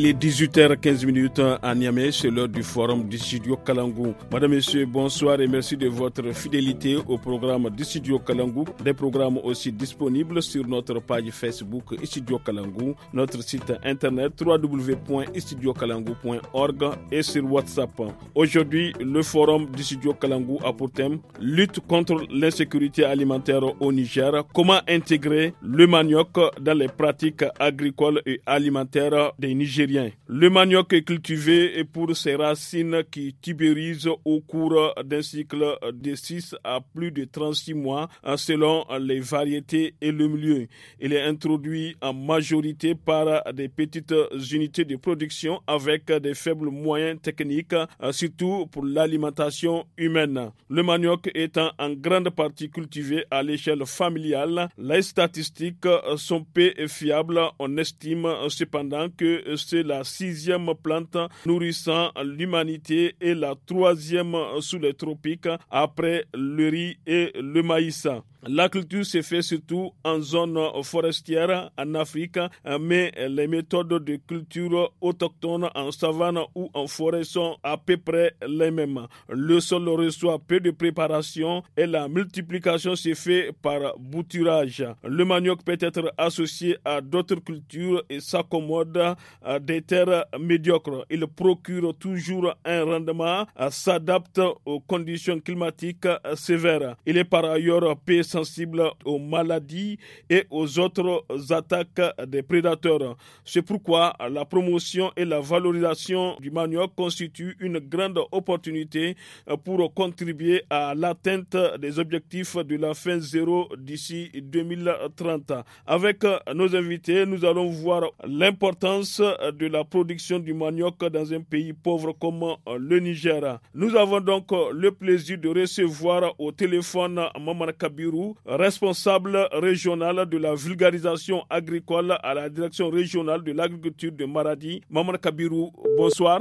Il est 18h15 à Niamey, c'est l'heure du forum du studio Kalangou. Madame, messieurs, bonsoir et merci de votre fidélité au programme du studio Kalangou. Des programmes aussi disponibles sur notre page Facebook Studio Kalangou, notre site internet www.studiokalangou.org et sur WhatsApp. Aujourd'hui, le forum du studio Kalangou a pour thème lutte contre l'insécurité alimentaire au Niger. Comment intégrer le manioc dans les pratiques agricoles et alimentaires des Nigériens le manioc est cultivé pour ses racines qui tubérisent au cours d'un cycle de 6 à plus de 36 mois hein, selon les variétés et le milieu. Il est introduit en majorité par des petites unités de production avec des faibles moyens techniques, hein, surtout pour l'alimentation humaine. Le manioc étant en grande partie cultivé à l'échelle familiale, les statistiques sont peu fiables. On estime cependant que ce la sixième plante nourrissant l'humanité et la troisième sous les tropiques après le riz et le maïs. La culture se fait surtout en zone forestière en Afrique, mais les méthodes de culture autochtone en savane ou en forêt sont à peu près les mêmes. Le sol reçoit peu de préparation et la multiplication se fait par bouturage. Le manioc peut être associé à d'autres cultures et s'accommode à des terres médiocres. Il procure toujours un rendement, s'adapte aux conditions climatiques sévères. Il est par ailleurs paysan sensible aux maladies et aux autres attaques des prédateurs. C'est pourquoi la promotion et la valorisation du manioc constituent une grande opportunité pour contribuer à l'atteinte des objectifs de la fin zéro d'ici 2030. Avec nos invités, nous allons voir l'importance de la production du manioc dans un pays pauvre comme le Niger. Nous avons donc le plaisir de recevoir au téléphone Maman Kabiru responsable régional de la vulgarisation agricole à la direction régionale de l'agriculture de Maradi. Mamana Kabirou, bonsoir.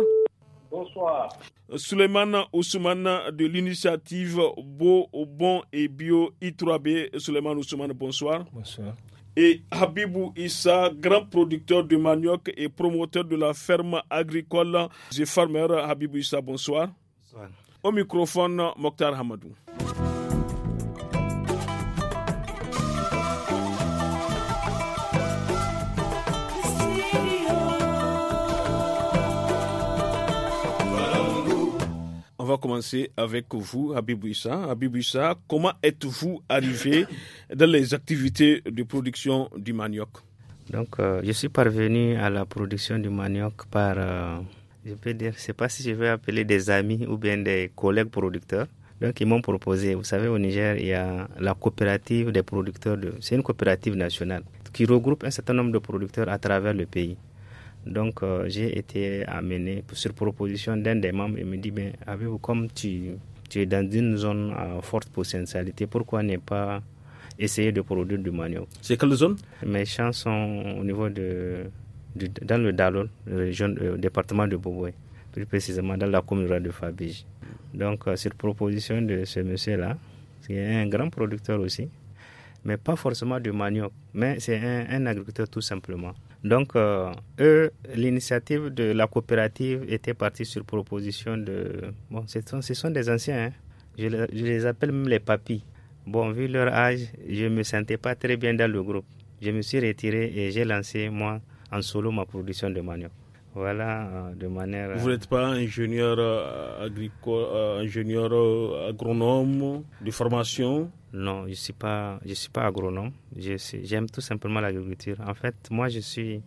Bonsoir. Suleiman Ousmane de l'initiative Beau, Bon et Bio I3B. Suleiman Ousmane, bonsoir. Bonsoir. Et Habibou Issa, grand producteur de manioc et promoteur de la ferme agricole The Farmer. Habibou Issa, bonsoir. bonsoir. Au microphone, Mokhtar Hamadou. va commencer avec vous, Habib Issa. Habib comment êtes-vous arrivé dans les activités de production du manioc Donc, euh, je suis parvenu à la production du manioc par, euh, je peux dire, c'est ne sais pas si je vais appeler des amis ou bien des collègues producteurs. Donc, ils m'ont proposé, vous savez, au Niger, il y a la coopérative des producteurs, de, c'est une coopérative nationale qui regroupe un certain nombre de producteurs à travers le pays. Donc euh, j'ai été amené sur proposition d'un des membres Il me dit ben avez-vous comme tu, tu es dans une zone à forte potentialité, pourquoi ne pas essayer de produire du manioc C'est quelle zone Mes champs sont au niveau de, dans le dalon région, euh, département de Boboé, plus précisément dans la commune de Fabige. Donc euh, sur proposition de ce monsieur-là, qui est un grand producteur aussi, mais pas forcément du manioc, mais c'est un agriculteur tout simplement. Donc, eux, euh, l'initiative de la coopérative était partie sur proposition de... Bon, ce sont, des anciens, hein. je, les, je, les appelle même les papis. Bon, vu leur âge, je ne me sentais pas très bien dans le groupe. Je me suis retiré et j'ai lancé, moi, en solo, ma production de manioc. Voilà, euh, de manière. Vous euh, n'êtes pas ingénieur euh, agricole, ingénieur agronome de formation Non, je ne suis, pas, je suis pas agronome. J'aime tout simplement l'agriculture. En fait, moi, je suis,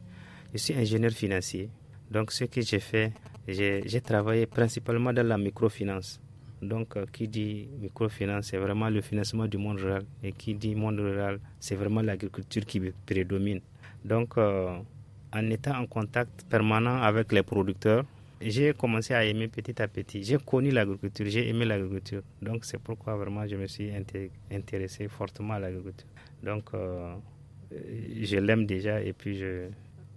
je suis ingénieur financier. Donc, ce que j'ai fait, j'ai travaillé principalement dans la microfinance. Donc, qui dit microfinance, c'est vraiment le financement du monde rural. Et qui dit monde rural, c'est vraiment l'agriculture qui prédomine. Donc, en étant en contact permanent avec les producteurs, j'ai commencé à aimer petit à petit. J'ai connu l'agriculture, j'ai aimé l'agriculture. Donc c'est pourquoi vraiment je me suis intéressé fortement à l'agriculture. Donc euh, je l'aime déjà et puis je...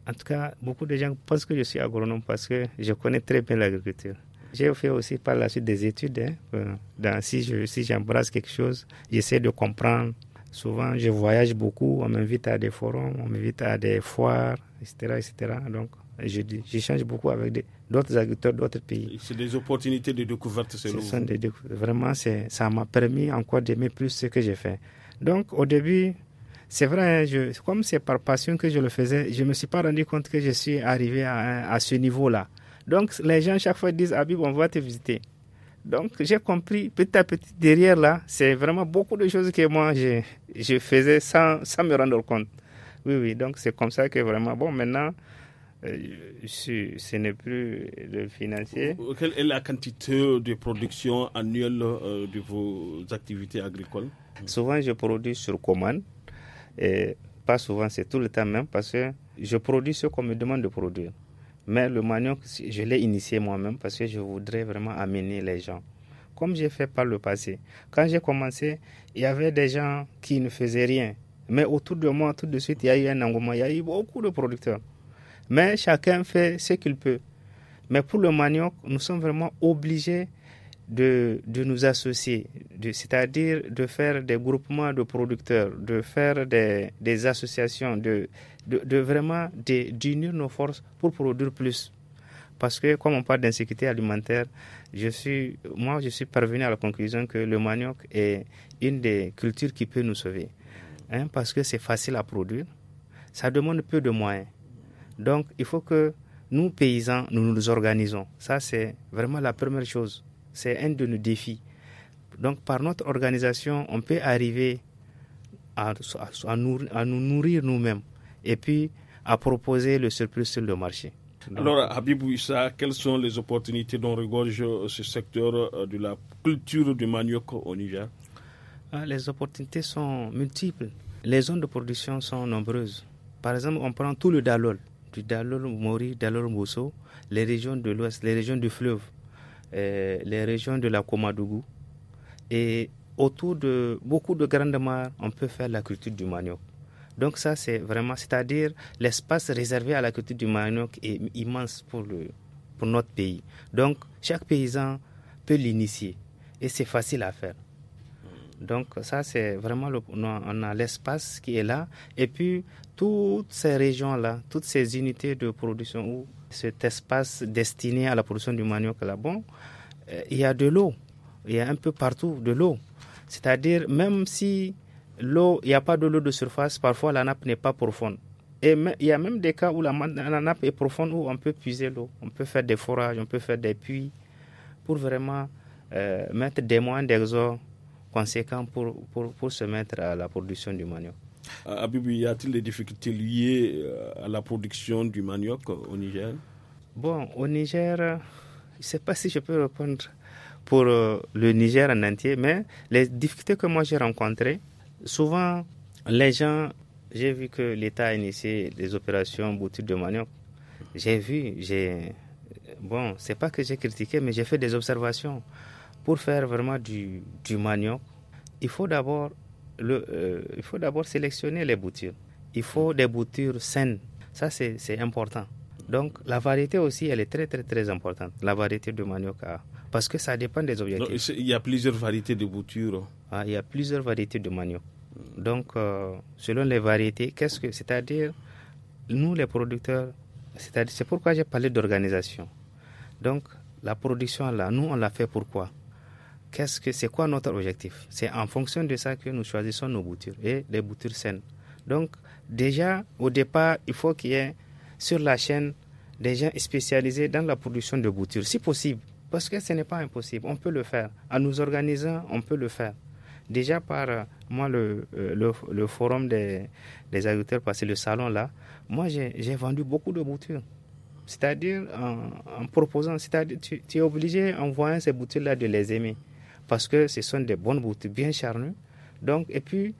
En tout cas, beaucoup de gens pensent que je suis agronome parce que je connais très bien l'agriculture. J'ai fait aussi par la suite des études. Hein, euh, dans, si j'embrasse quelque chose, j'essaie de comprendre Souvent, je voyage beaucoup, on m'invite à des forums, on m'invite à des foires, etc. etc. Donc, j'échange beaucoup avec d'autres agriculteurs d'autres pays. C'est des opportunités de découverte, c'est Vraiment, ça m'a permis encore d'aimer plus ce que j'ai fait. Donc, au début, c'est vrai, je, comme c'est par passion que je le faisais, je ne me suis pas rendu compte que je suis arrivé à, à ce niveau-là. Donc, les gens, chaque fois, disent Habib, on va te visiter. Donc, j'ai compris petit à petit derrière là, c'est vraiment beaucoup de choses que moi je, je faisais sans, me rendre compte. Oui, oui, donc c'est comme ça que vraiment, bon, maintenant, euh, ce n'est plus le financier. Quelle est la quantité euh, de production annuelle euh, de vos activités agricoles Souvent, je produis sur commande. Et pas souvent, c'est tout le temps même, parce que je produis ce qu'on me demande de produire. Mais le manioc, je l'ai initié moi-même parce que je voudrais vraiment amener les gens. Comme j'ai fait par le passé. Quand j'ai commencé, il y avait des gens qui ne faisaient rien. Mais autour de moi, tout de suite, il y a eu un engouement. Il y a eu beaucoup de producteurs. Mais chacun fait ce qu'il peut. Mais pour le manioc, nous sommes vraiment obligés de, de nous associer, c'est-à-dire de faire des groupements de producteurs, de faire des, des associations, de, de, vraiment d'unir nos forces pour produire plus. Parce que comme on parle d'insécurité alimentaire, je suis, moi je suis parvenu à la conclusion que le manioc est une des cultures qui peut nous sauver. Hein, parce que c'est facile à produire, ça demande peu de moyens. Donc il faut que nous, paysans, nous nous organisons. Ça, c'est vraiment la première chose. C'est un de nos défis. Donc par notre organisation, on peut arriver à, à nous nourrir nous-mêmes et puis à proposer le surplus sur le marché. Alors, Habib Issa, quelles sont les opportunités dont regorge euh, ce secteur euh, de la culture du manioc au Niger ah, Les opportunités sont multiples. Les zones de production sont nombreuses. Par exemple, on prend tout le Dalol, du Dalol Mori, Dalol Mousso, les régions de l'Ouest, les régions du fleuve, euh, les régions de la Komadougou. Et autour de beaucoup de grandes mares, on peut faire la culture du manioc. Donc ça, c'est vraiment, c'est-à-dire l'espace réservé à la culture du manioc est immense pour, le, pour notre pays. Donc chaque paysan peut l'initier et c'est facile à faire. Donc ça, c'est vraiment, on a l'espace qui est là. Et puis, toutes ces régions-là, toutes ces unités de production où cet espace destiné à la production du manioc là-bas, euh, il y a de l'eau. Il y a un peu partout de l'eau. C'est-à-dire, même si l'eau, il n'y a pas de l'eau de surface, parfois la nappe n'est pas profonde. Et il y a même des cas où la, nappe est profonde où on peut puiser l'eau, on peut faire des forages, on peut faire des puits pour vraiment euh, mettre des moyens d'exor conséquents pour, pour, pour, se mettre à la production du manioc. Euh, Abibu, y a-t-il des difficultés liées euh, à la production du manioc au Niger Bon, au Niger, je ne sais pas si je peux répondre pour le Niger en entier, mais les difficultés que moi j'ai rencontrées, Souvent, les gens, j'ai vu que l'État a initié des opérations boutures de manioc. J'ai vu, j'ai. Bon, c'est pas que j'ai critiqué, mais j'ai fait des observations. Pour faire vraiment du, du manioc, il faut d'abord euh, sélectionner les boutures. Il faut des boutures saines. Ça, c'est important. Donc, la variété aussi, elle est très, très, très importante. La variété de manioc Parce que ça dépend des objectifs. il y a plusieurs variétés de boutures. Ah, il y a plusieurs variétés de manioc. Donc, euh, selon les variétés, qu'est-ce que, c'est-à-dire, nous les producteurs, cest dire pourquoi j'ai parlé d'organisation. Donc, la production là, nous on l'a fait pourquoi Qu'est-ce que, c'est quoi notre objectif C'est en fonction de ça que nous choisissons nos boutures et les boutures saines. Donc, déjà au départ, il faut qu'il y ait sur la chaîne des gens spécialisés dans la production de boutures, si possible, parce que ce n'est pas impossible. On peut le faire. En nous organisant, on peut le faire. Déjà par euh, moi, euh, le, le, forum des, des agriculteurs, passé le salon là, moi j'ai vendu beaucoup de boutures. C'est-à-dire en, proposant, c'est-à-dire tu, tu, es obligé en voyant ces boutures-là de les aimer. Parce que ce sont des bonnes boutures, bien charnues. Donc, et puis,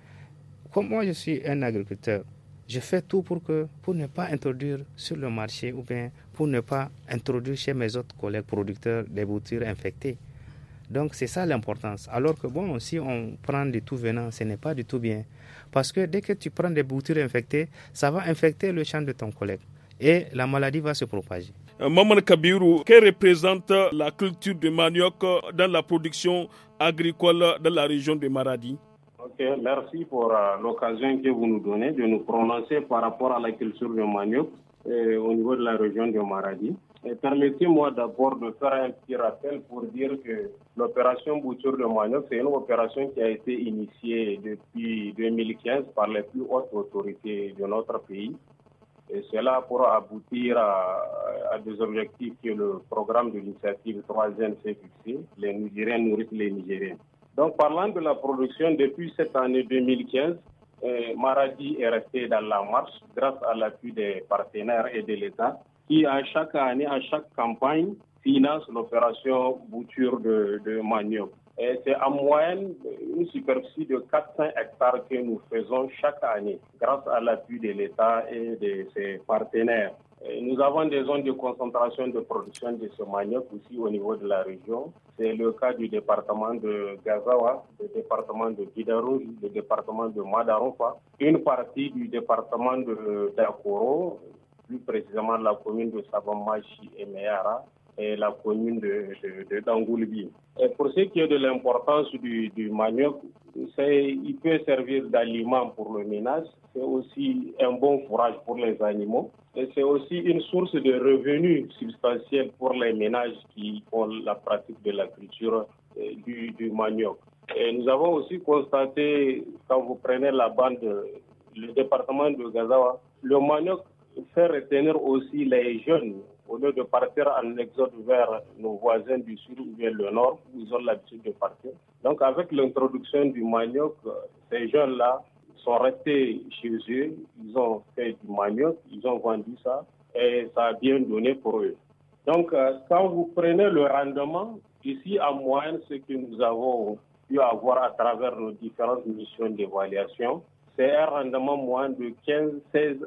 comme moi je suis un agriculteur, je fais tout pour, que, pour ne pas introduire sur le marché ou bien pour ne pas introduire chez mes autres collègues producteurs des boutures infectées. Donc c'est ça l'importance. Alors que bon, si on prend du tout venant, ce n'est pas du tout bien. Parce que dès que tu prends des boutures infectées, ça va infecter le champ de ton collègue et la maladie va se propager. Euh, Maman Kabiru, que représente la culture de manioc euh, dans la production agricole de la région de Maradi Ok, merci pour euh, l'occasion que vous nous donnez de nous prononcer par rapport à la culture du manioc au niveau de la région de Maradi permettez-moi d'abord de faire un petit rappel pour dire que l'opération Bouture de Moignoc, c'est une opération qui a été initiée depuis 2015 par les plus hautes autorités de notre pays. Et cela pour aboutir à, des objectifs que le programme de l'initiative 3e s'est fixé, les Nigériens nourrissent les Nigériens. Donc parlant de la production, depuis cette année 2015, euh, Maradi est resté dans la marche grâce à l'appui des partenaires et de l'État qui, à chaque année, à chaque campagne, finance l'opération bouture de, manioc. Et c'est en moyenne une superficie de 400 hectares que nous faisons chaque année grâce à l'appui de l'État et de ses partenaires. nous avons des zones de concentration de production de ce manioc aussi au niveau de la région. C'est le cas du département de Gazawa, du département de Guiderou, du département de Madaropa, une partie du département de Dakoro, plus précisément la commune de Savamachi et Meyara et la commune de, de, Et pour ce qui est de l'importance du, manioc, il peut servir d'aliment pour le ménage, c'est aussi un bon fourrage pour les animaux et c'est aussi une source de revenus substantiels pour les ménages qui ont la pratique de la culture euh, du, du manioc. Et nous avons aussi constaté, quand vous prenez la bande, le département de Gazawa, le manioc faire retenir aussi les jeunes au lieu de partir en exode vers nos voisins du sud ou vers le nord, où ils ont l'habitude de partir. Donc avec l'introduction du manioc, euh, ces jeunes-là sont restés chez eux, ils ont fait du manioc, ils ont vendu ça, et ça a bien donné pour eux. Donc euh, quand vous prenez le rendement, ici à moyenne, ce que nous avons pu avoir à travers nos différentes missions d'évaluation, c'est un rendement moins de 15, 16,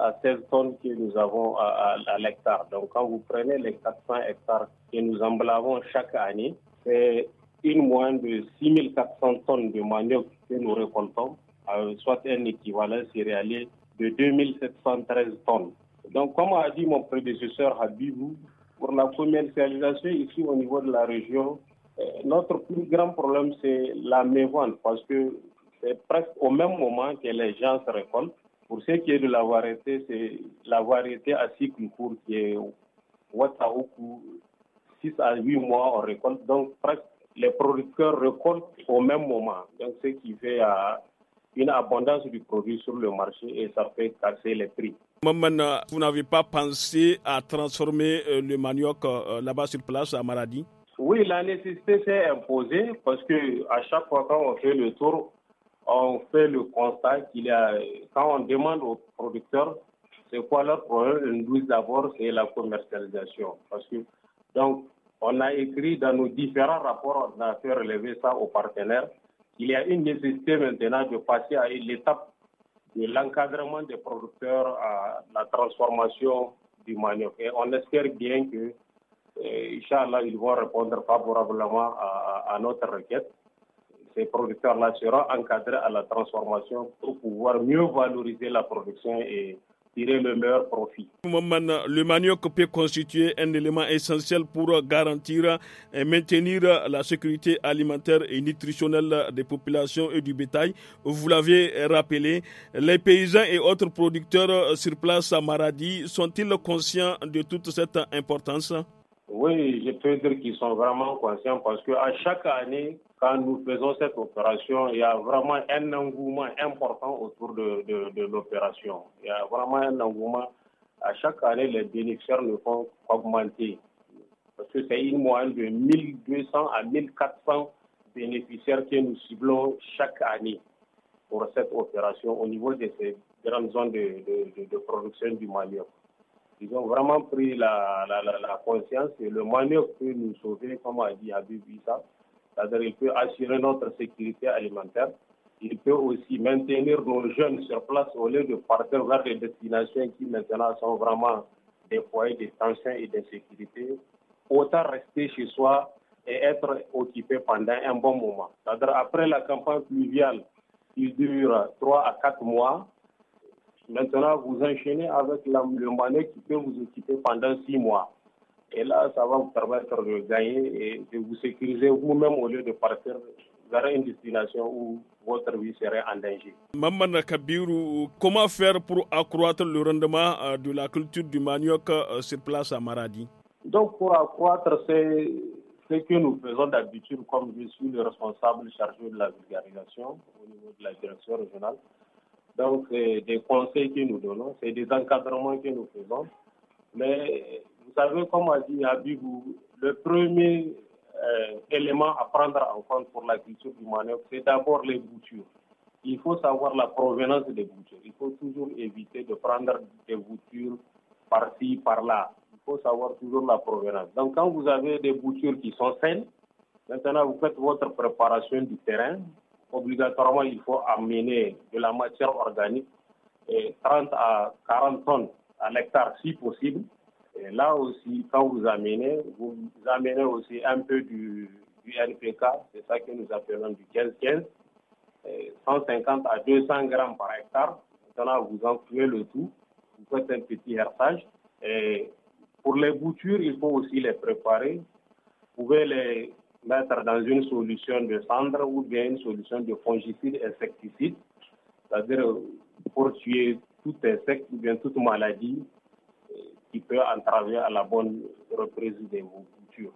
à 16 tonnes que nous avons à, l'hectare. Donc quand vous prenez les 400 hectares que nous emblavons chaque année, c'est une moyenne de 6400 tonnes de manioc que nous récoltons, euh, soit un équivalent céréalier de 2713 tonnes. Donc comme a dit mon prédécesseur Habibou, pour la commercialisation ici au niveau de la région, euh, notre plus grand problème c'est la mévente parce que c'est presque au même moment que les gens se récoltent. Pour ce qui est de la variété, c'est la variété à cycle court qui est 6 à 8 mois on récolte. Donc presque les producteurs récoltent au même moment. Donc ce qui fait euh, une abondance du produit sur le marché et ça fait casser les prix. Maman, euh, vous n'avez pas pensé à transformer euh, le manioc là-bas sur place à Maradi Oui, la nécessité s'est imposée parce que à chaque fois qu'on fait le tour, on fait le constat qu'il y a, quand on demande aux producteurs c'est quoi leur problème, une douce d'abord c'est la commercialisation. Parce que, donc, on a écrit dans nos différents rapports, on a fait relever ça aux partenaires, qu'il y a une nécessité maintenant de passer à l'étape de l'encadrement des producteurs à la transformation du manioc. Et on espère bien que, eh, Inch'Allah, ils répondre favorablement à notre requête ces producteurs-là seront encadrés à la transformation pour pouvoir mieux valoriser la production et tirer le meilleur profit. Le manioc peut constituer un élément essentiel pour garantir et maintenir la sécurité alimentaire et nutritionnelle des populations et du bétail. Vous l'avez rappelé, les paysans et autres producteurs sur place à Maradi sont-ils conscients de toute cette importance oui, je peux dire qu'ils sont vraiment conscients parce qu'à chaque année, quand nous faisons cette opération, il y a vraiment un engouement important autour de, l'opération. Il y a vraiment un engouement. À chaque année, les bénéficiaires ne font augmenter Parce que c'est une moyenne de 1200 à 1400 bénéficiaires que nous ciblons chaque année pour cette opération au niveau de ces grandes zones de, production du manioc ils ont vraiment pris la, conscience et le manœuvre peut nous sauver, comme a dit Abu C'est-à-dire qu'il peut assurer notre sécurité alimentaire. Il peut aussi maintenir nos jeunes sur place au lieu de partir vers des destinations qui maintenant sont vraiment des foyers de tension et d'insécurité. Autant rester chez soi et être occupé pendant un bon moment. C'est-à-dire après la campagne pluviale, il dure trois à quatre mois. Maintenant, vous enchaînez avec la, le monnaie qui peut vous occuper pendant six mois. Et là, ça va vous permettre de gagner et de vous sécuriser vous-même au lieu de partir vers une destination où votre vie serait en danger. Maman Nakabiru, comment faire pour accroître le rendement euh, de la culture du manioc euh, sur place à Maradi Donc, pour accroître, c'est ce que nous faisons d'habitude, comme je suis le responsable chargé de la vulgarisation au niveau de la direction régionale. Donc, c'est des conseils que nous donnons, c'est des encadrements que nous faisons. Mais vous savez, comme a dit Abibou, le premier euh, élément à prendre en compte pour la culture du manioc, c'est d'abord les boutures. Il faut savoir la provenance des boutures. Il faut toujours éviter de prendre des boutures par-ci, par-là. Il faut savoir toujours la provenance. Donc, quand vous avez des boutures qui sont saines, maintenant vous faites votre préparation du terrain, obligatoirement, il faut amener de la matière organique, 30 à 40 tonnes à l'hectare si possible. Et là aussi, quand vous amenez, vous amenez aussi un peu du, du NPK, c'est ça que nous appelons du 15-15, 150 à 200 grammes par hectare. Maintenant, vous incluez le tout, vous faites un petit hertage. pour les boutures, il faut aussi les préparer. Vous pouvez les mettre dans une solution de cendre ou bien une solution de fongicide insecticide, c'est-à-dire euh, pour tuer tout insecte ou bien toute maladie euh, qui peut entraver à la bonne reprise des cultures.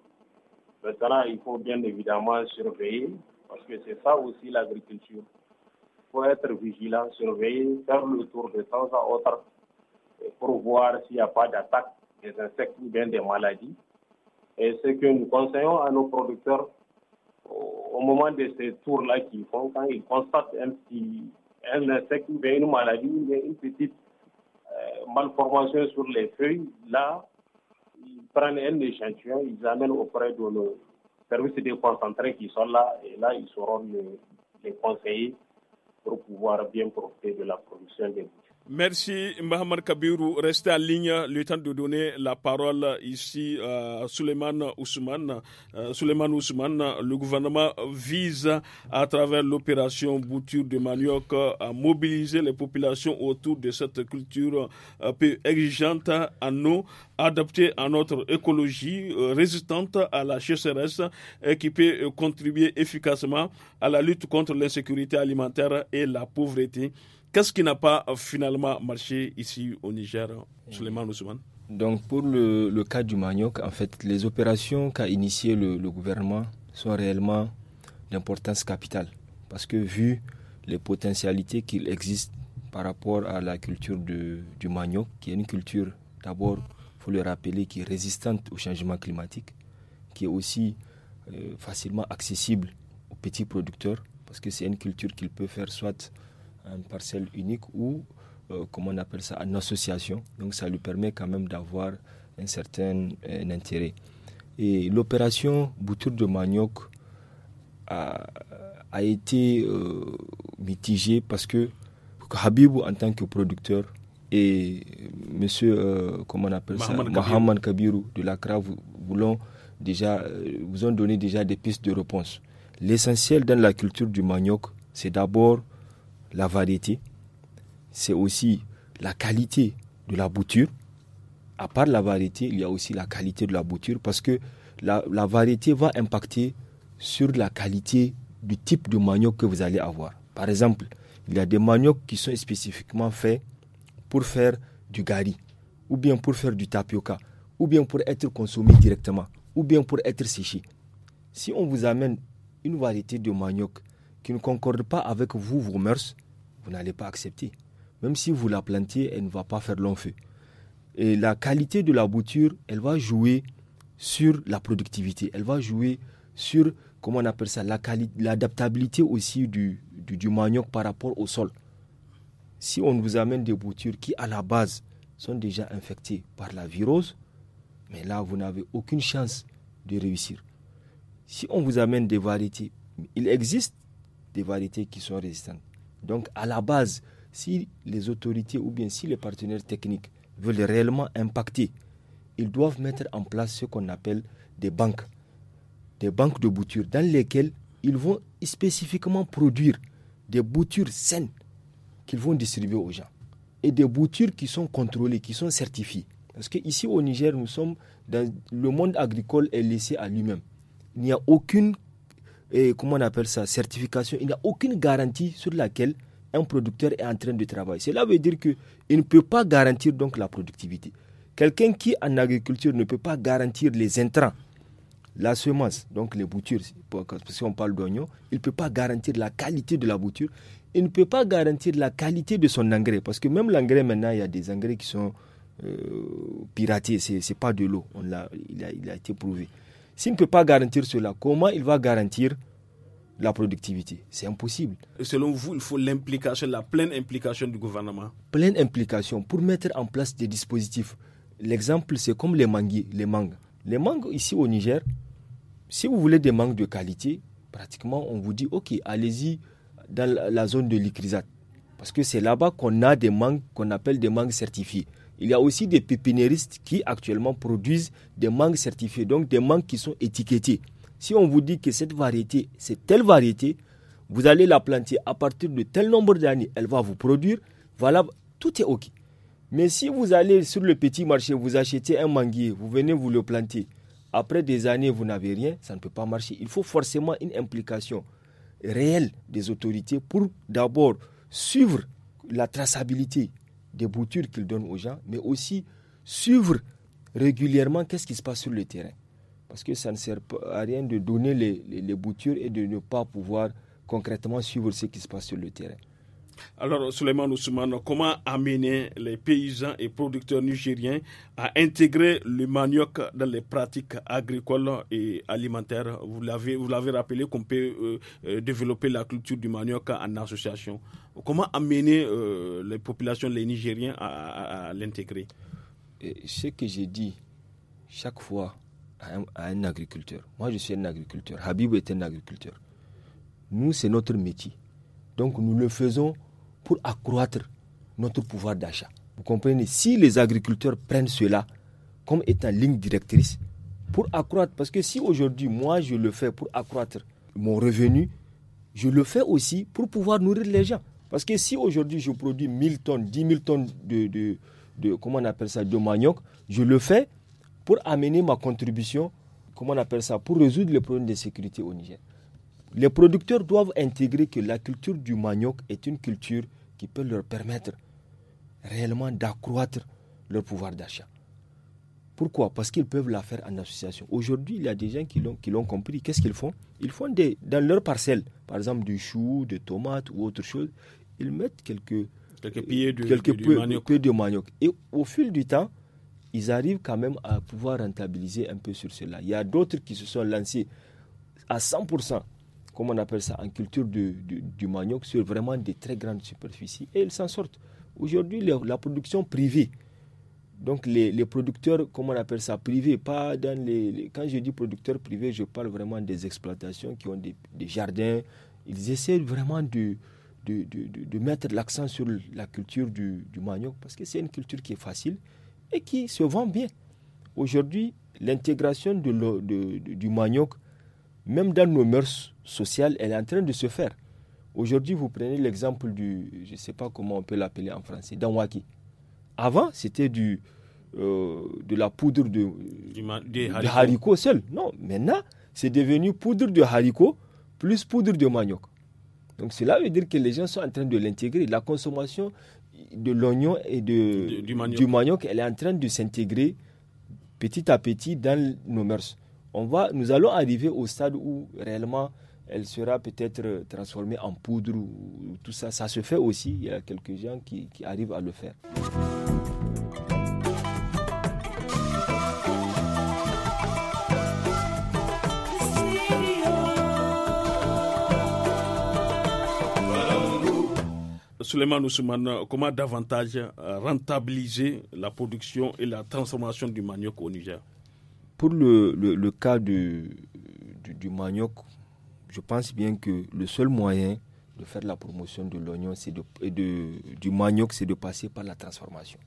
Maintenant, il faut bien évidemment surveiller, parce que c'est ça aussi l'agriculture. Il faut être vigilant, surveiller, faire le tour de temps à autre pour voir s'il n'y a pas d'attaque des insectes ou bien des maladies et ce que nous conseillons à nos producteurs au moment de ces tours-là qu'ils font, quand ils constatent un petit insecte une maladie, une petite euh, malformation sur les feuilles, là, ils prennent un échantillon, ils amènent auprès de nos services déconcentrés qui sont là, et là, ils seront les, conseillers pour pouvoir bien profiter de la production des Merci Mohamed Kabiru. Restez en ligne, le temps de donner la parole ici à euh, Souleymane Ousmane. Euh, Ousmane, le gouvernement vise à travers l'opération Bouture de Manioc à mobiliser les populations autour de cette culture euh, peu exigeante à nous, adaptée à notre écologie, euh, résistante à la sécheresse et qui peut contribuer efficacement à la lutte contre l'insécurité alimentaire et la pauvreté. Qu'est-ce qui n'a pas euh, finalement marché ici au Niger, Suleiman Ousouane Donc pour le, cas du manioc, en fait, les opérations qu'a initiées le, gouvernement sont réellement d'importance capitale. Parce que vu les potentialités qu'il existe par rapport à la culture du manioc, qui est une culture, d'abord, il faut le rappeler, qui est résistante au changement climatique, qui est aussi euh, facilement accessible aux petits producteurs, parce que c'est une culture qu'il peut faire soit un parcelle unique ou, euh, comment comme on appelle ça, une association. Donc ça lui permet quand même d'avoir un certain intérêt. Et l'opération bouture de manioc a, a été euh, mitigée parce que Habibou en tant que producteur, et monsieur, euh, comment on appelle ça, Mohamed Kabirou de l'ACRA, vous, déjà, vous ont donné déjà des pistes de réponse. L'essentiel dans la culture du manioc, c'est d'abord la variété, c'est aussi la qualité de la bouture. À part la variété, il y a aussi la qualité de la bouture parce que la, variété va impacter sur la qualité du type de manioc que vous allez avoir. Par exemple, il y a des maniocs qui sont spécifiquement faits pour faire du gari, ou bien pour faire du tapioca, ou bien pour être consommé directement, ou bien pour être séché. Si on vous amène une variété de manioc qui ne concorde pas avec vous, vos mœurs, vous n'allez pas accepter. Même si vous la plantez, elle ne va pas faire long feu. Et la qualité de la bouture, elle va jouer sur la productivité, elle va jouer sur, comment on appelle ça, l'adaptabilité aussi du, du, du, manioc par rapport au sol. Si on vous amène des boutures qui, à la base, sont déjà infectées par la virose, mais là, vous n'avez aucune chance de réussir. Si on vous amène des variétés, il existe des variétés qui sont résistantes. Donc à la base, si les autorités ou bien si les partenaires techniques veulent réellement impacter, ils doivent mettre en place ce qu'on appelle des banques, des banques de boutures dans lesquelles ils vont spécifiquement produire des boutures saines qu'ils vont distribuer aux gens et des boutures qui sont contrôlées, qui sont certifiées. Parce qu'ici au Niger, nous sommes dans le monde agricole est laissé à lui-même. Il n'y a aucune et comment on appelle ça, certification, il n'y a aucune garantie sur laquelle un producteur est en train de travailler. Cela veut dire qu'il ne peut pas garantir donc la productivité. Quelqu'un qui en agriculture ne peut pas garantir les intrants, la semence, donc les boutures, parce qu'on parle d'oignon, il ne peut pas garantir la qualité de la bouture, il ne peut pas garantir la qualité de son engrais, parce que même l'engrais maintenant, il y a des engrais qui sont euh, piratés, ce n'est pas de l'eau, il a, il a été prouvé. S'il ne peut pas garantir cela, comment il va garantir la productivité C'est impossible. Et selon vous, il faut l'implication, la pleine implication du gouvernement Pleine implication pour mettre en place des dispositifs. L'exemple, c'est comme les mangues. Les mangues. Les mangues ici au Niger, si vous voulez des mangues de qualité, pratiquement, on vous dit, OK, allez-y dans la zone de l'Ikrizat. Parce que c'est là-bas qu'on a des mangues qu'on appelle des mangues certifiées il y a aussi des pépinéristes qui actuellement produisent des mangues certifiées, donc des mangues qui sont étiquetées. Si on vous dit que cette variété, c'est telle variété, vous allez la planter à partir de tel nombre d'années, elle va vous produire, voilà, tout est OK. Mais si vous allez sur le petit marché, vous achetez un manguier, vous venez vous le planter, après des années, vous n'avez rien, ça ne peut pas marcher. Il faut forcément une implication réelle des autorités pour d'abord suivre la traçabilité des boutures qu'ils donnent aux gens, mais aussi suivre régulièrement qu'est-ce qui se passe sur le terrain. Parce que ça ne sert à rien de donner les, boutures et de ne pas pouvoir concrètement suivre ce qui se passe sur le terrain. Alors, Suleiman Ousmane, comment amener les paysans et producteurs nigériens à intégrer le manioc dans les pratiques agricoles et alimentaires Vous l'avez rappelé qu'on peut euh, euh, développer la culture du manioc en association. Comment amener euh, les populations, les Nigériens à, l'intégrer Ce que j'ai dit chaque fois à un, à un, agriculteur, moi je suis un agriculteur, Habib est un agriculteur, nous c'est notre métier. Donc nous le faisons pour accroître notre pouvoir d'achat. Vous comprenez Si les agriculteurs prennent cela comme étant ligne directrice, pour accroître, parce que si aujourd'hui moi je le fais pour accroître mon revenu, je le fais aussi pour pouvoir nourrir les gens. Parce que si aujourd'hui je produis 1000 tonnes, 10 000 tonnes de, comment on appelle ça, manioc, je le fais pour amener ma contribution, comment on appelle ça, pour résoudre les problèmes de sécurité au Niger. Les producteurs doivent intégrer que la culture du manioc est une culture qui peut leur permettre réellement d'accroître leur pouvoir d'achat. Pourquoi Parce qu'ils peuvent la faire en association. Aujourd'hui, il y a des gens qui l'ont compris. Qu'est-ce qu'ils font Ils font des, dans leur parcelle, par exemple du chou, des tomates ou autre chose, ils mettent quelques, quelques pieds de, manioc. Et au fil du temps, ils arrivent quand même à pouvoir rentabiliser un peu sur cela. Il y a d'autres qui se sont lancés à 100%, comme on appelle ça, en culture du manioc sur vraiment des très grandes superficies et ils s'en sortent. Aujourd'hui, la production privée, donc les, producteurs, comment on appelle ça, privés, pas dans les, Quand je dis producteurs privés, je parle vraiment des exploitations qui ont des, des jardins. Ils essaient vraiment de, de, mettre l'accent sur la culture du, du manioc parce que c'est une culture qui est facile et qui se vend bien. Aujourd'hui, l'intégration de, du manioc, même dans nos mœurs sociales, elle est en train de se faire. Aujourd'hui, vous prenez l'exemple du, je ne sais pas comment on peut l'appeler en français, d'anwaki. Avant, c'était du, euh, de la poudre de, haricot seul. Non, maintenant, c'est devenu poudre de haricot plus poudre de manioc. Donc cela veut dire que les gens sont en train de l'intégrer. La consommation de l'oignon et de, du, manioc. elle est en train de s'intégrer petit à petit dans nos mœurs. On va, nous allons arriver au stade où réellement elle sera peut-être transformée en poudre ou, tout ça. Ça se fait aussi. Il y a quelques gens qui, qui arrivent à le faire. comment davantage euh, rentabiliser la production et la transformation du manioc au Niger Pour le, cas du, du, manioc, je pense bien que le seul moyen de faire la promotion de l'oignon et de, du manioc, c'est de passer par la transformation.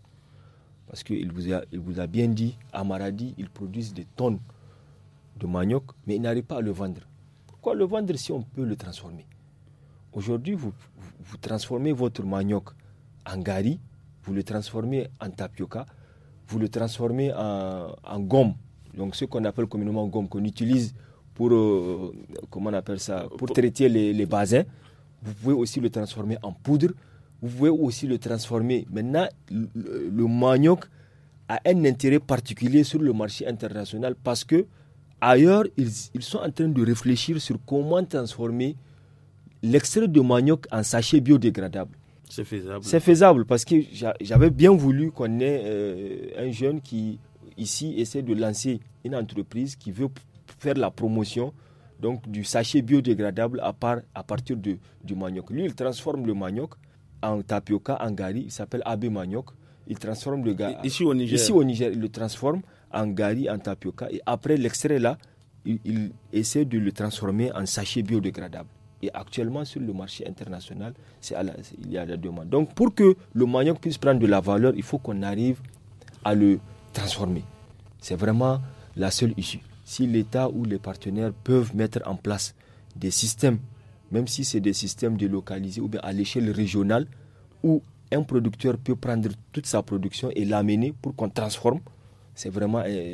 Parce qu'il vous, a, vous a bien dit, à Maradi, ils produisent des tonnes de manioc, mais ils n'arrivent pas à le vendre. Pourquoi le vendre si on peut le transformer Aujourd'hui, vous, vous transformez votre manioc en gari, vous le transformez en tapioca, vous le transformez en, en gomme. Donc ce qu'on appelle communément gomme, qu'on utilise pour, euh, comment on appelle ça, pour traiter les, les basins. Vous pouvez aussi le transformer en poudre. Vous pouvez aussi le transformer. Maintenant, le, le manioc a un intérêt particulier sur le marché international parce que ailleurs, ils, ils sont en train de réfléchir sur comment transformer l'extrait de manioc en sachet biodégradable. C'est faisable. C'est faisable parce que j'avais bien voulu qu'on ait euh, un jeune qui, ici, essaie de lancer une entreprise qui veut faire la promotion donc, du sachet biodégradable à, à partir de, du manioc. Lui, il transforme le manioc en tapioca, en gari. Il s'appelle AB Manioc. Il transforme le gari. Ici au Niger. Ici au Niger, il le transforme en gari, en tapioca. Et après l'extrait là, il essaie de le transformer en sachet biodégradable. Et actuellement, sur le marché international, c'est il y a la demande. Donc, pour que le manioc puisse prendre de la valeur, il faut qu'on arrive à le transformer. C'est vraiment la seule issue. Si l'État ou les partenaires peuvent mettre en place des systèmes, même si c'est des systèmes délocalisés ou bien à l'échelle régionale, où un producteur peut prendre toute sa production et l'amener pour qu'on transforme, c'est vraiment, euh,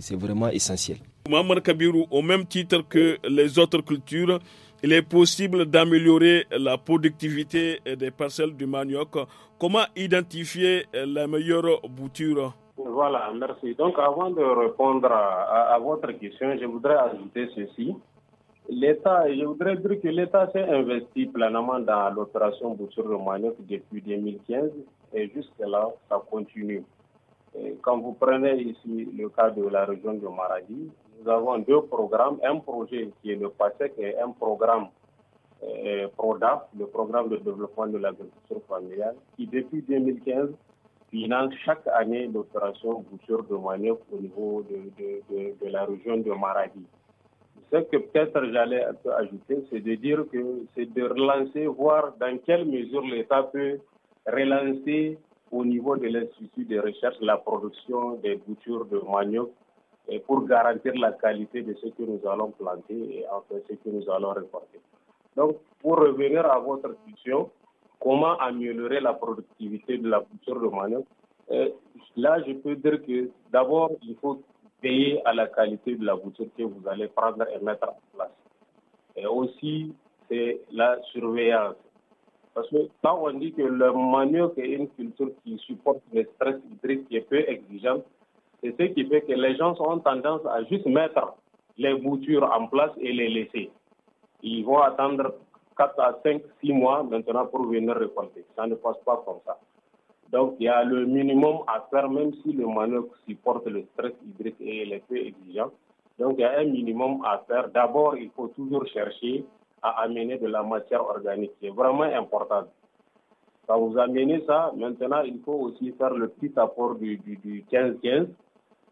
c'est vraiment essentiel. Mamar Kabirou, au même titre que les autres cultures, il est possible d'améliorer la productivité des parcelles du manioc. Comment identifier la meilleure bouture Voilà, merci. Donc avant de répondre à, votre question, je voudrais ajouter ceci. L'État, je voudrais dire que l'État s'est investi pleinement dans l'opération bouture de manioc depuis 2015 et jusque-là, ça continue. quand vous prenez ici le cas de la région de Maradi, nous avons deux programmes, un projet qui est le PASEC et un programme euh, PRODAF, le programme de développement de l'agriculture familiale, qui depuis 2015 finance chaque année l'opération bouture de manioc au niveau de, de, la région de Maradi. Ce que peut-être j'allais ajouter, c'est de dire que c'est de relancer, voir dans quelle mesure l'État peut relancer au niveau de l'Institut de recherche la production des boutures de manioc et pour garantir la qualité de ce que nous allons planter et enfin ce que nous allons récolter. Donc, pour revenir à votre question, comment améliorer la productivité de la culture de manioc euh, Là, je peux dire que d'abord, il faut veiller à la qualité de la culture que vous allez prendre et mettre en place. Et aussi, c'est la surveillance. Parce que quand on dit que le manioc est une culture qui supporte le stress hydrique qui est peu exigeante, c'est ce qui fait que les gens ont tendance à juste mettre les boutures en place et les laisser. Ils vont attendre 4 à 5, 6 mois maintenant pour venir récolter. Ça ne passe pas comme ça. Donc, il y a le minimum à faire, même si le manœuvre supporte le stress hydrique et les exigeant. Donc, il y a un minimum à faire. D'abord, il faut toujours chercher à amener de la matière organique. C'est vraiment important. Quand vous amenez ça, maintenant, il faut aussi faire le petit apport du 15-15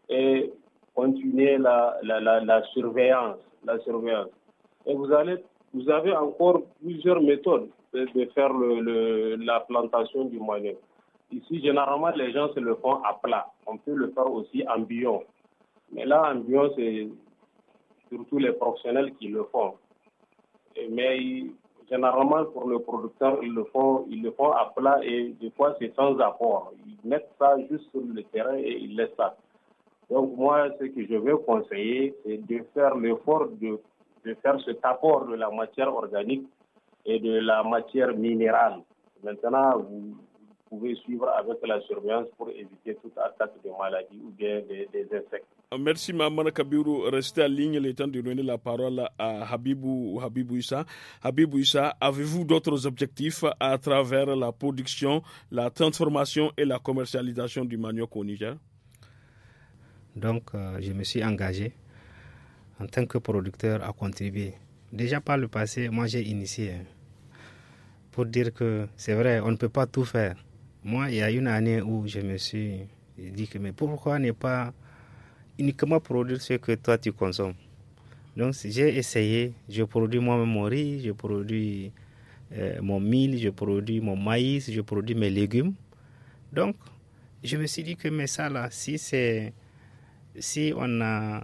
et continuer la, la, la, surveillance, la surveillance. Et vous, allez, vous avez encore plusieurs méthodes de, faire le, la plantation du moyen. Ici, généralement, les gens se le font à plat. On peut le faire aussi en billon. Mais là, en bio, c'est surtout les professionnels qui le font. mais généralement, pour le producteur, le font, ils le font à plat et des fois, c'est sans apport. Ils mettent ça juste sur le terrain et ils laissent ça. Donc moi, ce que je veux conseiller, c'est de faire l'effort de, faire cet apport de la matière organique et de la matière minérale. Maintenant, vous pouvez suivre avec la surveillance pour éviter toute attaque de maladies ou bien des, insectes. Euh, merci Maman Kabiru. Restez en ligne, il est temps de donner la parole à Habibou, Habibou Issa. Habibou Issa, avez-vous d'autres objectifs à travers la production, la transformation et la commercialisation du manioc au Niger donc, euh, je me suis engagé en tant que producteur à contribuer. Déjà par le passé, moi j'ai initié hein, pour dire que c'est vrai, on ne peut pas tout faire. Moi, il y a une année où je me suis dit que mais pourquoi ne pas uniquement produire ce que toi tu consommes Donc j'ai essayé, je produis moi-même mon riz, je produis euh, mon mil, je produis mon maïs, je produis mes légumes. Donc je me suis dit que mais ça là, si c'est si on a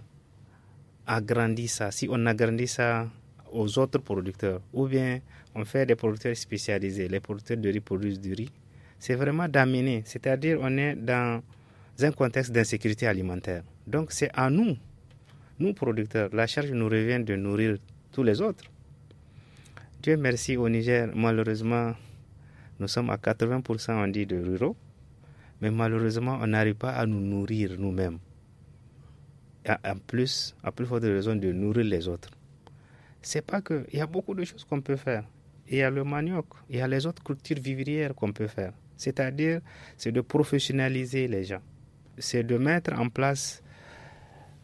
agrandi ça, si on agrandit ça aux autres producteurs, ou bien on fait des producteurs spécialisés, les producteurs de riz produisent du riz, c'est vraiment d'amener, c'est-à-dire on est dans un contexte d'insécurité alimentaire. Donc c'est à nous, nous producteurs, la charge nous revient de nourrir tous les autres. Dieu merci au Niger, malheureusement, nous sommes à 80% en dit de ruraux, mais malheureusement on n'arrive pas à nous nourrir nous-mêmes en plus, à plus de raison, de nourrir les autres. C'est pas que. Il y a beaucoup de choses qu'on peut faire. Il y a le manioc, il y a les autres cultures vivrières qu'on peut faire. C'est-à-dire, c'est de professionnaliser les gens. C'est de mettre en place,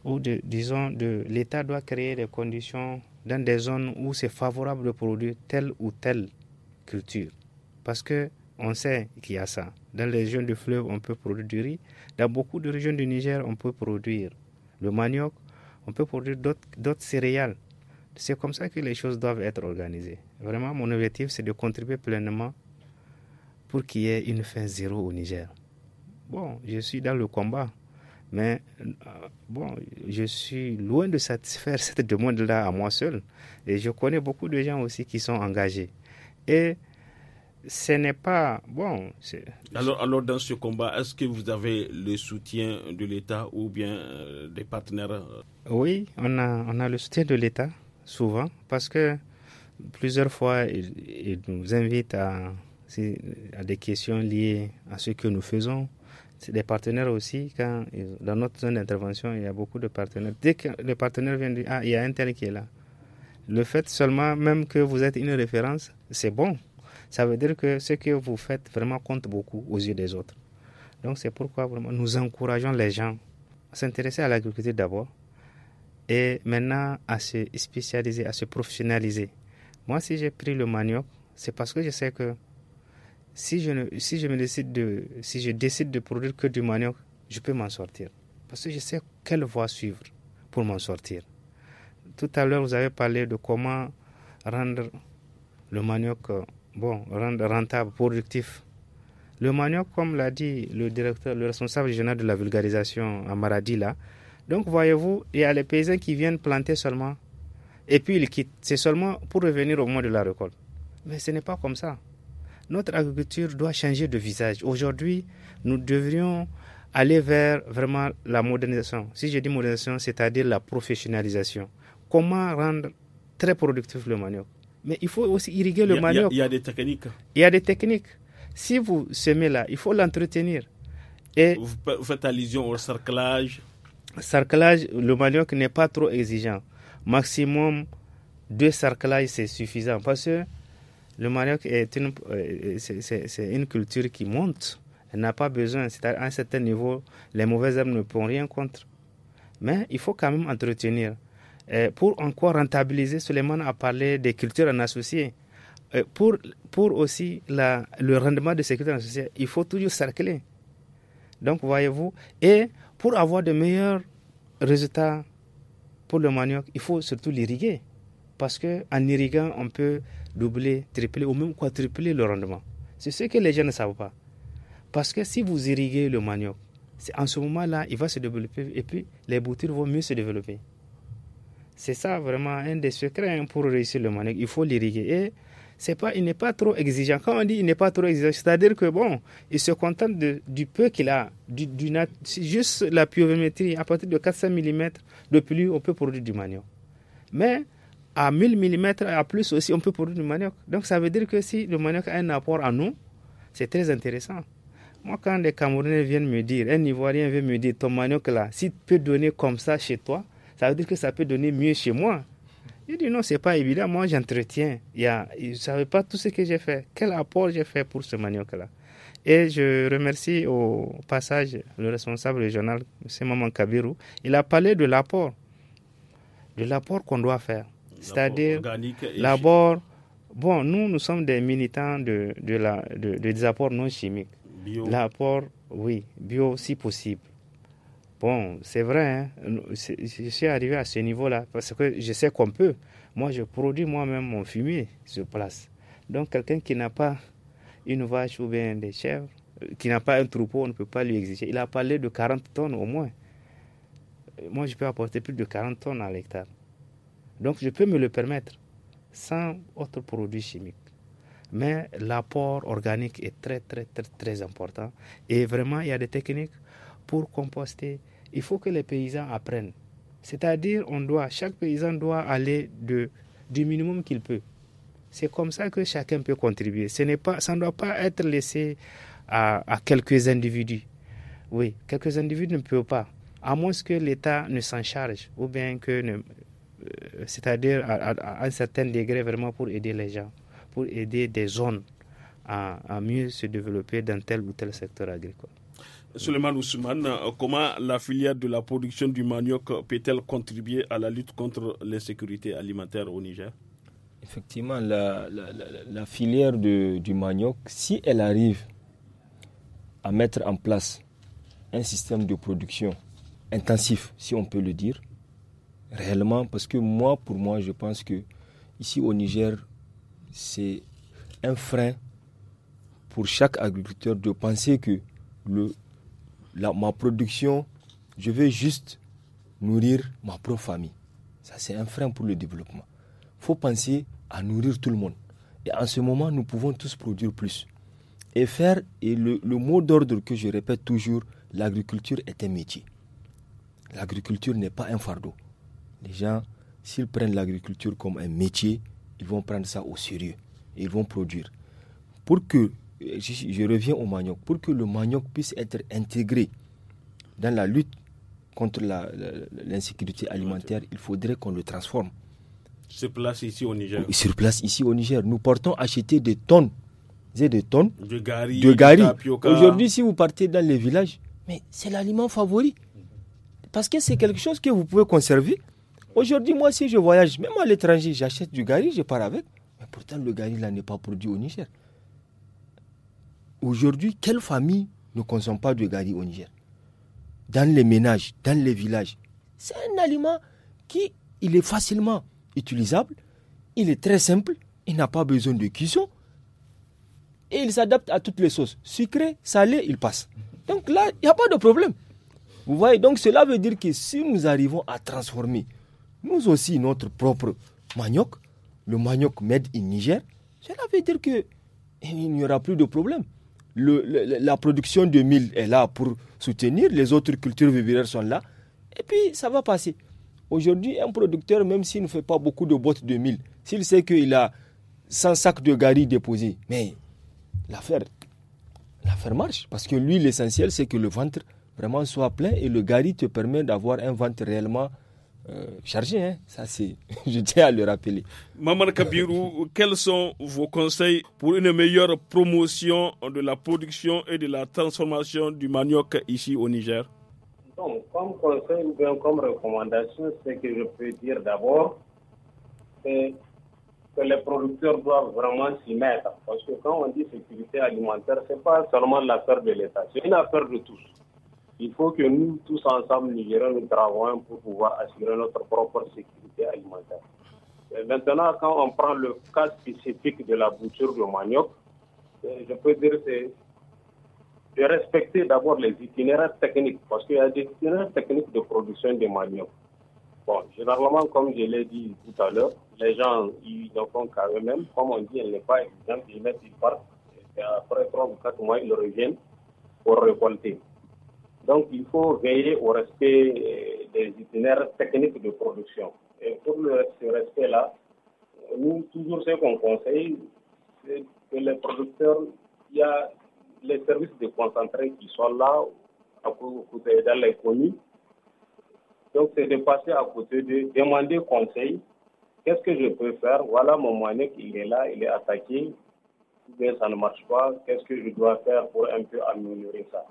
ou de, disons, de, l'État doit créer des conditions dans des zones où c'est favorable de produire telle ou telle culture. Parce que on sait qu'il y a ça. Dans les régions du fleuve, on peut produire du riz. Dans beaucoup de régions du Niger, on peut produire le manioc, on peut produire d'autres céréales. C'est comme ça que les choses doivent être organisées. Vraiment, mon objectif, c'est de contribuer pleinement pour qu'il y ait une fin zéro au Niger. Bon, je suis dans le combat, mais euh, bon, je suis loin de satisfaire cette demande-là à moi seul. Et je connais beaucoup de gens aussi qui sont engagés. Et ce n'est pas bon. Alors, alors, dans ce combat, est-ce que vous avez le soutien de l'État ou bien euh, des partenaires Oui, on a, on a le soutien de l'État, souvent, parce que plusieurs fois, ils nous invitent à, à, des questions liées à ce que nous faisons. C'est des partenaires aussi, quand, dans notre zone d'intervention, il y a beaucoup de partenaires. Dès que le partenaire vient dire, ah, il y a un tel qui est là. Le fait seulement, même que vous êtes une référence, c'est bon ça veut dire que ce que vous faites vraiment compte beaucoup aux yeux des autres. Donc c'est pourquoi vraiment nous encourageons les gens à s'intéresser à l'agriculture d'abord et maintenant à se spécialiser, à se professionnaliser. Moi, si j'ai pris le manioc, c'est parce que je sais que si je, si je me décide de, si je décide de produire que du manioc, je peux m'en sortir. Parce que je sais quelle voie suivre pour m'en sortir. Tout à l'heure, vous avez parlé de comment rendre le manioc euh, bon, rendre rentable, productif. Le manioc, comme l'a dit le directeur, le responsable général de la vulgarisation à Maradi, là, donc voyez-vous, il y a les paysans qui viennent planter seulement et puis ils quittent. C'est seulement pour revenir au moment de la récolte. Mais ce n'est pas comme ça. Notre agriculture doit changer de visage. Aujourd'hui, nous devrions aller vers vraiment la modernisation. Si je dis modernisation, c'est-à-dire la professionnalisation. Comment rendre très productif le manioc mais il faut aussi irriguer le manioc. Il y, a des techniques. Il y a des techniques. Si vous semez là, il faut l'entretenir. Et vous, faites allusion au cerclage. Cerclage, le manioc n'est pas trop exigeant. Maximum deux cerclages, c'est suffisant parce que le manioc est une, euh, c'est, une culture qui monte. Elle n'a pas besoin, cest à un certain niveau, les mauvaises herbes ne pourront rien contre. Mais il faut quand même entretenir. Euh, pour encore rentabiliser, Suleiman a parlé des cultures en associé. Euh, pour, pour aussi le rendement de ces cultures en associé, il faut toujours cercler. Donc, voyez-vous, et pour avoir de meilleurs résultats pour le manioc, il faut surtout l'irriguer. Parce qu'en irriguant, on peut doubler, tripler ou même quadrupler le rendement. C'est ce que les gens ne savent pas. Parce que si vous irriguez le manioc, en ce moment-là, il va se développer et puis les boutures vont mieux se développer. C'est ça vraiment un des secrets hein, pour réussir le manioc. Il faut l'irriguer. Et c'est pas, il n'est pas trop exigeant. Quand on dit il n'est pas trop exigeant, c'est-à-dire que bon, il se contente du peu qu'il a, juste la pyrométrie, à partir de 400 mm de pluie, on peut produire du manioc. Mais à 1000 mm à plus aussi, on peut produire du manioc. Donc ça veut dire que si le manioc a un apport à nous, c'est très intéressant. Moi, quand des Camerounais viennent me dire, un Ivoirien vient me dire, ton manioc là, si tu peux donner comme ça chez toi, ça veut dire que ça peut donner mieux chez moi. Il dit non, c'est pas évident. Moi, j'entretiens. Il ne a, savais pas tout ce que j'ai fait. Quel apport j'ai fait pour ce manioc-là. Et je remercie au passage le responsable régional, M. Maman Kabiru. Il a parlé de l'apport, de l'apport qu'on doit faire. C'est-à-dire l'abord... Bon, nous, nous sommes des militants de des apports non chimiques. L'apport, oui, bio si possible. Bon, c'est vrai, hein. je suis arrivé à ce niveau-là parce que je sais qu'on peut. Moi, je produis moi-même mon fumier sur place. Donc, quelqu'un qui n'a pas une vache ou bien des chèvres, euh, qui n'a pas un troupeau, on ne peut pas lui exiger. Il a parlé de 40 tonnes au moins. Euh, moi, je peux apporter plus de 40 tonnes à l'hectare. Donc, je peux me le permettre sans autre produit chimique. Mais l'apport organique est très, très, très, très important. Et vraiment, il y a des techniques pour composter, il faut que les paysans apprennent. C'est-à-dire, on doit, chaque paysan doit aller de, du minimum qu'il peut. C'est comme ça que chacun peut contribuer. Ce n'est pas, ça ne doit pas être laissé à, quelques individus. Oui, quelques individus ne peuvent pas, à moins que l'État ne s'en charge, ou bien que, euh, c'est-à-dire à, un certain degré vraiment pour aider les gens, pour aider des zones à mieux se développer dans tel ou tel secteur agricole. Suleiman Ousmane, euh, comment la filière de la production du manioc peut-elle contribuer à la lutte contre l'insécurité alimentaire au Niger Effectivement, la, filière du manioc, si elle arrive à mettre en place un système de production intensif, si on peut le dire, réellement, parce que moi, pour moi, je pense que ici au Niger, c'est un frein pour chaque agriculteur de penser que le ma production, je veux juste nourrir ma propre famille. Ça, c'est un frein pour le développement. Il faut penser à nourrir tout le monde. Et en ce moment, nous pouvons tous produire plus. Et faire, et le, mot d'ordre que je répète toujours, l'agriculture est un métier. L'agriculture n'est pas un fardeau. Les gens, s'ils prennent l'agriculture comme un métier, ils vont prendre ça au sérieux. ils vont produire. Pour que euh, je, reviens au manioc, pour que le manioc puisse être intégré dans la lutte contre l'insécurité alimentaire, il faudrait qu'on le transforme. Sur place ici au Niger Sur place ici au Niger. Nous portons acheter des tonnes des tonnes de gari. Aujourd'hui, si vous partez dans les villages, mais c'est l'aliment favori. Parce que c'est quelque chose que vous pouvez conserver. Aujourd'hui, moi, si je voyage, même à l'étranger, j'achète du gari, je pars avec. Mais pourtant, le gari, là, n'est pas produit au Niger. Aujourd'hui, quelle famille ne consomme pas de gari au Niger Dans les ménages, dans les villages. C'est un aliment qui il est facilement utilisable, il est très simple, il n'a pas besoin de cuisson et il s'adapte à toutes les sauces. Sucré, salé, il passe. Donc là, il n'y a pas de problème. Vous voyez, donc cela veut dire que si nous arrivons à transformer nous aussi notre propre manioc, le manioc made in Niger, cela veut dire qu'il eh, n'y aura plus de problème la production de mille est là pour soutenir, les autres cultures vivrières sont là, et puis ça va passer. Aujourd'hui, un producteur, même s'il ne fait pas beaucoup de bottes de mille, s'il sait qu'il a 100 sacs de gari déposés, mais l'affaire, l'affaire marche, parce que lui, l'essentiel, c'est que le ventre vraiment soit plein et le gari te permet d'avoir un ventre réellement euh, chargé. Hein. Ça, c'est, je tiens à le rappeler. Maman Kabirou, quels sont vos conseils pour une meilleure promotion de la production et de la transformation du manioc ici au Niger Donc, comme conseil ou bien comme recommandation, ce que je peux dire d'abord, c'est que les producteurs doivent vraiment s'y mettre. Parce que quand on dit sécurité alimentaire, ce n'est pas seulement l'affaire de l'État, c'est une affaire de tous. Il faut que nous, tous ensemble, nous gérions nos travaux pour pouvoir assurer notre propre sécurité alimentaire. maintenant, quand on prend le cas spécifique de la bouture de manioc, euh, je peux dire c'est de respecter d'abord les itinéraires techniques, parce qu'il y a des itinéraires techniques de production de manioc. Bon, généralement, comme je l'ai dit tout à l'heure, les gens, ils en font qu'à eux-mêmes. Comme on dit, elle n'est pas exemple, ils mettent, ils partent. Et après 3 ou quatre mois, ils reviennent pour récolter. Donc il faut veiller au respect euh, des itinéraires techniques de production. Et pour ce respect-là, nous, toujours ce qu'on conseille, c'est que les producteurs, il y a les services de concentrés qui sont là, à côté, dans les Donc c'est de passer à côté, de demander conseil. Qu'est-ce que je peux faire Voilà mon manec, il est là, il est attaqué. bien ça ne marche pas. Qu'est-ce que je dois faire pour un peu améliorer ça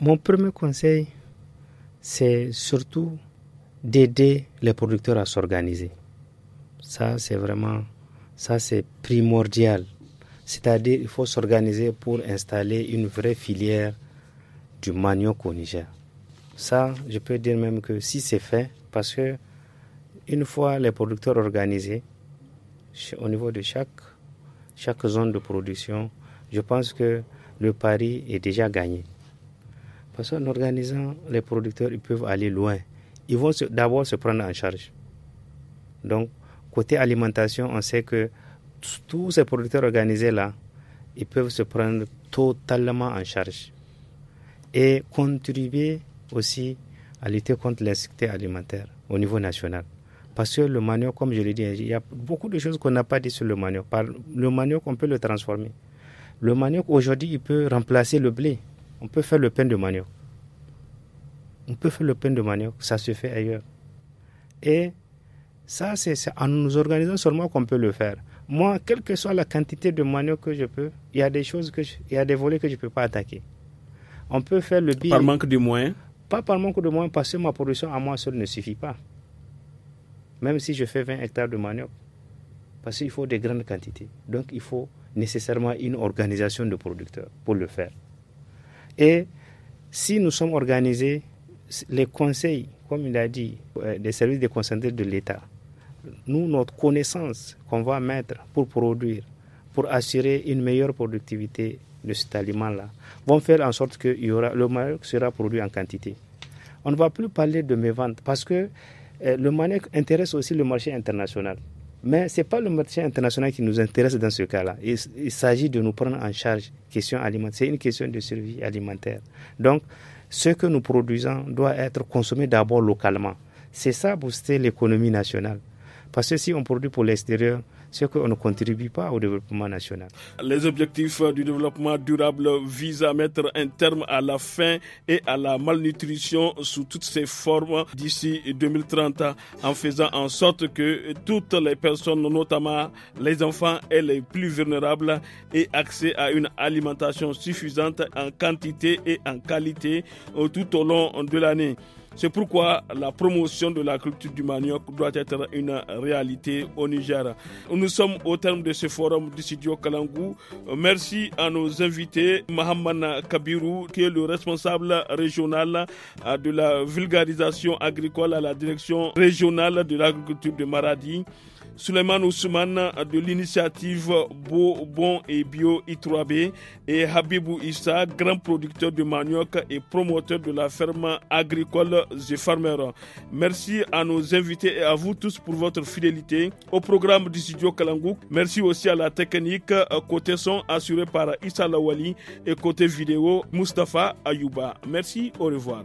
mon premier conseil, c'est surtout d'aider les producteurs à s'organiser. Ça, c'est vraiment, ça, c'est primordial. C'est-à-dire, il faut s'organiser pour installer une vraie filière du manioc au Niger. Ça, je peux dire même que si c'est fait, parce que une fois les producteurs organisés, au niveau de chaque, chaque zone de production, je pense que le pari est déjà gagné. Parce qu'en organisant, les producteurs ils peuvent aller loin. Ils vont d'abord se prendre en charge. Donc, côté alimentation, on sait que tous ces producteurs organisés-là, ils peuvent se prendre totalement en charge et contribuer aussi à lutter contre l'insécurité alimentaire au niveau national. Parce que le manioc, comme je l'ai dit, il y a beaucoup de choses qu'on n'a pas dit sur le manioc. Par le manioc, on peut le transformer. Le manioc, aujourd'hui, il peut remplacer le blé. On peut faire le pain de manioc. On peut faire le pain de manioc, ça se fait ailleurs. Et ça, c'est en nous organisant seulement qu'on peut le faire. Moi, quelle que soit la quantité de manioc que je peux, il y a des choses que il y a des volets que je ne peux pas attaquer. On peut faire le billet. Par manque de moyens Pas par manque de moyens, parce que ma production à moi seule ne suffit pas. Même si je fais 20 hectares de manioc. Parce qu'il faut des grandes quantités. Donc il faut nécessairement une organisation de producteurs pour le faire. Et si nous sommes organisés, les conseils, comme il a dit, euh, des services déconcentrés de l'État, nous, notre connaissance qu'on va mettre pour produire, pour assurer une meilleure productivité de cet aliment-là, vont faire en sorte que y aura, le manioc sera produit en quantité. On ne va plus parler de mes ventes parce que euh, le manioc intéresse aussi le marché international. Mais ce n'est pas le marché international qui nous intéresse dans ce cas-là. Il, s'agit de nous prendre en charge question alimentaire. C'est une question de survie alimentaire. Donc, ce que nous produisons doit être consommé d'abord localement. C'est ça booster l'économie nationale. Parce que si on produit pour l'extérieur, c'est qu'on ne contribue pas au développement national. Les objectifs du développement durable visent à mettre un terme à la faim et à la malnutrition sous toutes ses formes d'ici 2030 en faisant en sorte que toutes les personnes, notamment les enfants et les plus vulnérables, aient accès à une alimentation suffisante en quantité et en qualité tout au long de l'année. C'est pourquoi la promotion de la culture du manioc doit être une réalité au Niger. Nous sommes au terme de ce forum du studio Kalangou. Merci à nos invités, Mahamana Kabiru, qui est le responsable régional de la vulgarisation agricole à la direction régionale de l'agriculture de Maradi. Suleiman Ousmane de l'initiative Beau, Bon et Bio I3B et Habibou Issa, grand producteur de manioc et promoteur de la ferme agricole The Farmer. Merci à nos invités et à vous tous pour votre fidélité au programme du studio Kalangouk. Merci aussi à la technique côté son assuré par Issa Lawali et côté vidéo Mustapha Ayouba. Merci, au revoir.